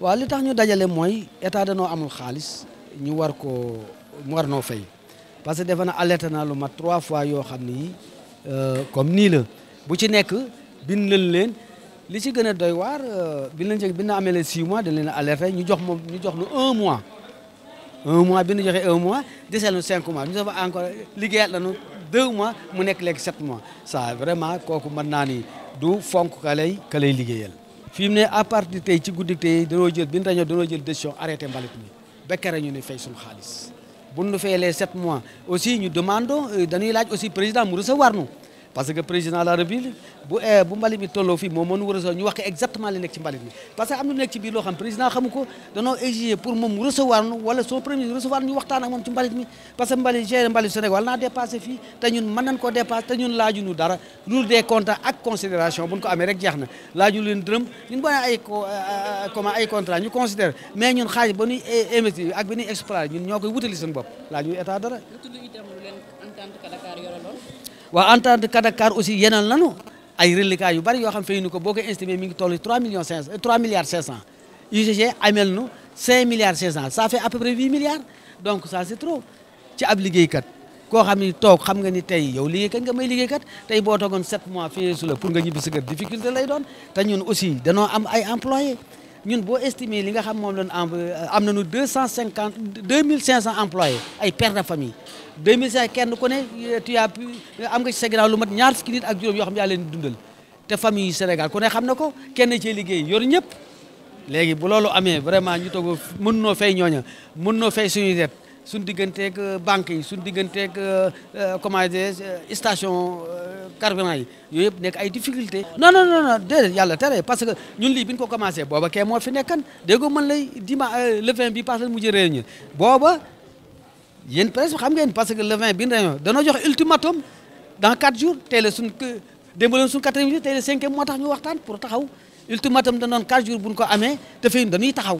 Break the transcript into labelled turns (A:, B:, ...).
A: waaw li tax ñu dajale mooy état danoo amul xaalis ñu war ko mu war noo fay parce que defe na alerte naa lu mat trois fois yoo xam ni euh, comme nii la bu ci nekk bind nañ leen li ci gën a doy waar euh, bi lañ ci bi na amee leen six mois dañ leen a alerté ñu jox moom ñu jox nu un mois un mois bi joxe joxee un mois deseel nu cinq mois ñu dafa encore liggéeyaat lañu deux mois mu nekk léegi sept mois ça vraiment kooku mën naa ni du fonk ka lay ka lay liggéeyal. fi mu ne à partir tey ci guddi tey danoo jël bi ñu dañoo danoo jël décision arrêté mbalit mi ba ñu ne fay suñu xaalis bu ñu fayee les sept mois aussi ñu demando euh, dañuy laaj aussi président mu recevoir nu parce que président la République bu eh, bu mbalit mi tolloo fii moom moo ñu recevoir ñu wax ko exactement li nekk ci mbalit mi parce que am na nekk ci biir loo xam président xamu ko danoo pour moom recevoir nu ñu waxtaan ak moom ci mbalit mi parce que mbalit gérer mbalit Sénégal naa dépassé fii te ñun mën nañ koo dépassé te ñun laajuñu dara loolu des contrats ak considération buñ ko amee rek jeex na laaju leen dërëm ñun boo ay euh, euh, comment ay contrat ñu considère mais ñun xaalis ba ñuy eh, investir ñoo koy wutali seen bopp waa en tant que aussi yenal nanu ay reliquats yu bari yoo xam fay nu ko boo ko estimé mi ngi toll 3 millions 500 3 milliards 500 UGG amel nu 5 milliards 500 ça fait à peu près 8 milliards donc ça c'est trop ci ab liggéeykat koo xam ni toog xam nga ni tey yow liggéeykat nga may kat tey boo toogoon 7 mois fee su la pour nga ñibbi sa kër difficulté lay doon te ñun aussi danoo am ay employés ñun boo estimé li nga xam moom lañ euh, am nañu deux cent employés ay pères de famille deux mille kenn ku ne euh, tu as euh, am nga ci sa ginnaaw lu mat ñaar fukki nit ak juróom yo xam ya leen dundal té famille Sénégal ku ne xam na ko kenn ci liggéey yor ñëpp légui bu loolu amé vraiment ñu togo mënno fay ñoña mënno fay suñu dette suñ digganteeg euh, banques yi suñ digganteeg euh, euh, comment dire station carburant yi yooyu yëpp nekk ay difficulté non non non non déedéet yàlla tere parce que ñun lii bi ñu ko commencé booba ke moo fi nekkan dégg man lay dima le vin bi parce que mujj réunion booba yéen presque xam ngeen parce que le vin bi réunion danoo joxe ultimatum dans quatre jours tey la suñ démb la suñ quatrième jour tey la cinquième moo tax ñu waxtaan pour taxaw ultimatum danoon quatre jours buñ ko amee dafay dañuy taxaw